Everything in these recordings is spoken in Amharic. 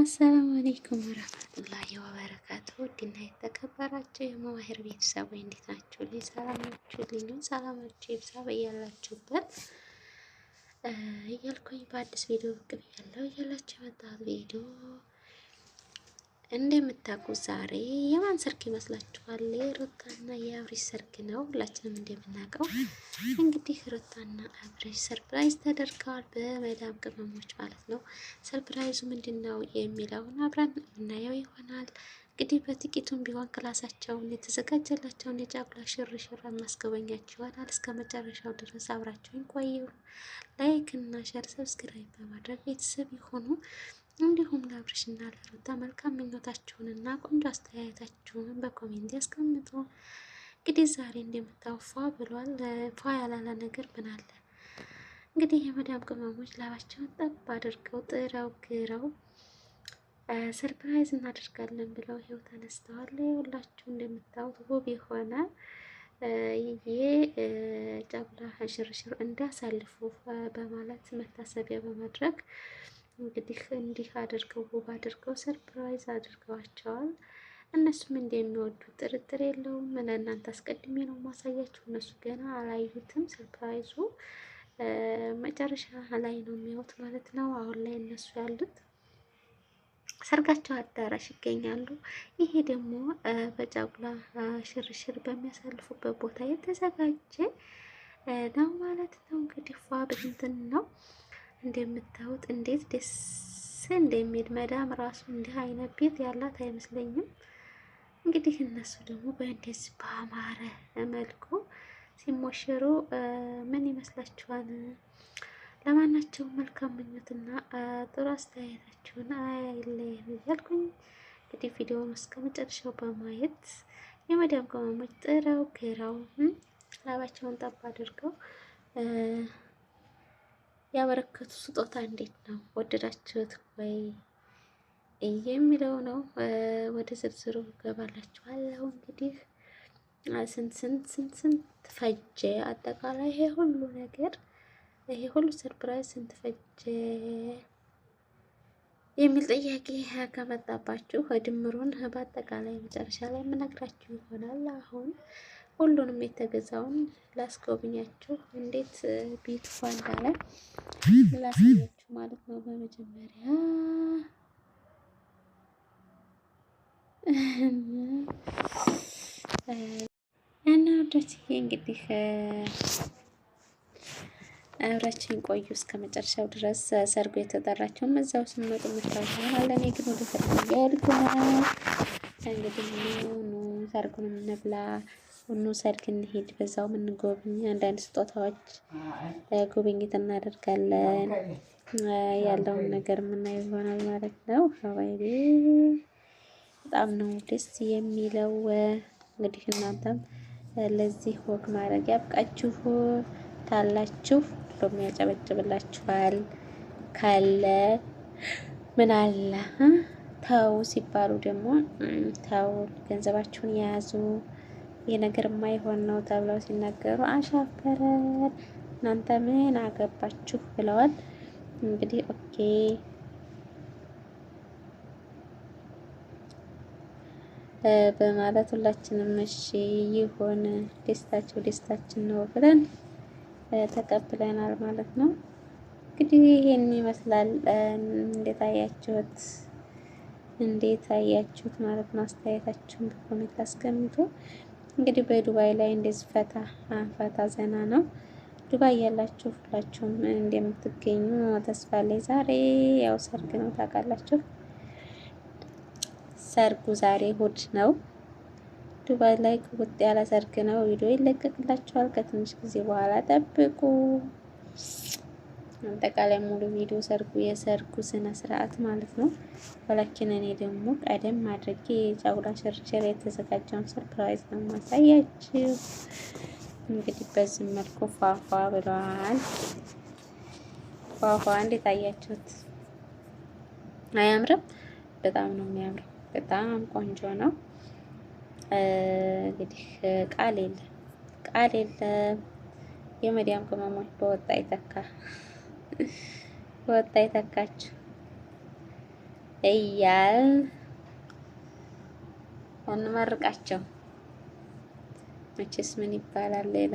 አሰላሙ አለይኩም ወረህመቱላሂ ወበረካቱ። ውድና የተከበራችሁ የመዋሄር ቤተሰቦች እንዴት ናችሁ? ልኝ ሰላማችሁ ልኝ ሰላማችሁ ይብዛ በያላችሁበት እያልኩኝ በአዲስ ቪዲዮ ብቅ ብያለሁ። እያላችሁ የመጣሁት ቪዲዮ እንደምታውቁ ዛሬ የማን ሰርግ ይመስላችኋል? ሩታና የአብርሽ ሰርግ ነው። ሁላችንም እንደምናውቀው እንግዲህ ሩታና አብርሽ ሰርፕራይዝ ተደርገዋል፣ በመዳም ቅመሞች ማለት ነው። ሰርፕራይዙ ምንድን ነው የሚለውን አብረን እናየው ይሆናል። እንግዲህ በጥቂቱም ቢሆን ክላሳቸውን የተዘጋጀላቸውን የጫጉላ ሽርሽር ማስገበኛቸው ይሆናል። እስከ መጨረሻው ድረስ አብራቸውን ቆዩ። ላይክ እና ሸር፣ ሰብስክራይብ በማድረግ ቤተሰብ የሆኑ እንዲሁም ለአብርሽና ለሩታ መልካም ምኞታችሁንና ቆንጆ አስተያየታችሁን በኮሜንት ያስቀምጡ። እንግዲህ ዛሬ እንደምታውፏ ብሏል። ፏ ያላለ ነገር ብናለ እንግዲህ የመዳም ቅመሞች ላባቸውን ጠብ አድርገው ጥረው ግረው ሰርፕራይዝ እናደርጋለን ብለው ይኸው ተነስተዋል። ሁላችሁ እንደምታዩት ውብ የሆነ ይሄ ጨጉላ ሽርሽር እንዳያሳልፉ በማለት መታሰቢያ በማድረግ እንግዲህ እንዲህ አድርገው ውብ አድርገው ሰርፕራይዝ አድርገዋቸዋል። እነሱም እንደሚወዱ ጥርጥር የለውም። ለእናንተ አስቀድሜ ነው ማሳያቸው። እነሱ ገና አላዩትም። ሰርፕራይዙ መጨረሻ ላይ ነው የሚያዩት ማለት ነው። አሁን ላይ እነሱ ያሉት ሰርጋቸው አዳራሽ ይገኛሉ። ይሄ ደግሞ በጫጉላ ሽርሽር በሚያሳልፉበት ቦታ የተዘጋጀ ነው ማለት ነው። እንግዲህ ፏ ነው። እንደምታዩት እንዴት ደስ እንደሚል መዳም ራሱ እንዲህ አይነት ቤት ያላት አይመስለኝም። እንግዲህ እነሱ ደግሞ በእንደዚህ በአማረ መልኩ ሲሞሸሩ ምን ይመስላችኋል? ለማናቸው መልካም ምኞትና ጥሩ አስተያየታችሁን አይለየን እያልኩኝ እንግዲህ ቪዲዮውን እስከ መጨረሻው በማየት የመዳም ቅመሞች ጥረው ግረው ላባቸውን ጠብ አድርገው ያበረከቱ ስጦታ እንዴት ነው? ወደዳችሁት ወይ የሚለው ነው። ወደ ዝርዝሩ ገባላችኋለሁ። እንግዲህ ስንት ስንት ስንት ስንት ፈጀ አጠቃላይ ይሄ ሁሉ ነገር ይሄ ሁሉ ሰርፕራይዝ ስንት ፈጀ የሚል ጥያቄ ከመጣባችሁ ድምሩን በአጠቃላይ መጨረሻ ላይ የምነግራችሁ ይሆናል። አሁን ሁሉንም የተገዛውን ላስጎብኛችሁ እንዴት ቤቱ እንዳለ ላሳያችሁ ማለት ነው። በመጀመሪያ እና ወዳችዬ እንግዲህ አብራችን ቆዩ እስከ መጨረሻው ድረስ። ሰርጉ የተጠራቸውም እዛው ስንመጡ መታወቂያል። ግን ወደ ሰርጉ እያልኩ ነው። እንግዲህ ሰርጉን እንብላ ኑ ሰርግ እንሄድ፣ በዛውም እንጎብኝ፣ አንዳንድ ስጦታዎች ጉብኝት እናደርጋለን። ያለውን ነገር የምናየው ይሆናል ማለት ነው። ሀባይቤ በጣም ነው ደስ የሚለው። እንግዲህ እናንተም ለዚህ ወግ ማድረግ ያብቃችሁ ታላችሁ። ሁሉም ያጨበጭብላችኋል ካለ ምን አለ ተው ሲባሉ ደግሞ ተው ገንዘባችሁን የያዙ የነገር የማይሆን ነው ተብለው ሲናገሩ አሻፈረን እናንተ ምን አገባችሁ ብለዋል። እንግዲህ ኦኬ በማለት ሁላችንም እሺ ይሁን ደስታችሁ ደስታችን ነው ብለን ተቀብለናል ማለት ነው። እንግዲህ ይሄን ይመስላል። እንዴት አያችሁት? እንዴት አያችሁት ማለት ነው። አስተያየታችሁን በኮሜንት አስቀምጡ። እንግዲህ በዱባይ ላይ እንደዚህ ፈታ ፈታ ዘና ነው። ዱባይ ያላችሁ ሁላችሁም እንደምትገኙ ተስፋ ላይ ዛሬ ያው ሰርግ ነው ታውቃላችሁ። ሰርጉ ዛሬ እሑድ ነው። ዱባይ ላይ ቁጥ ያለ ሰርግ ነው። ቪዲዮ ይለቀቅላችኋል ከትንሽ ጊዜ በኋላ ጠብቁ። አጠቃላይ ሙሉ ቪዲዮ ሰርጉ የሰርጉ ስነ ስርዓት ማለት ነው። ወላኪን እኔ ደግሞ ቀደም አድርጌ የጫጉላ ሽርሽር የተዘጋጀውን ሰርፕራይዝ ነው ማሳያችሁ። እንግዲህ በዚህ መልኩ ፏፏ ብለዋል። ፏፏ እንዴት አያችሁት? አያምርም? በጣም ነው የሚያምረው። በጣም ቆንጆ ነው። እንግዲህ ቃል የለም ቃል የለም። የመዲያም ቅመሞች በወጣ ይተካ። ወጣ ይተካችሁ እያል እንመርቃቸው። መቼስ ምን ይባላል ሌላ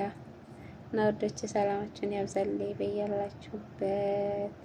እና ወደች ሰላማችሁን ያብዛልኝ በያላችሁበት።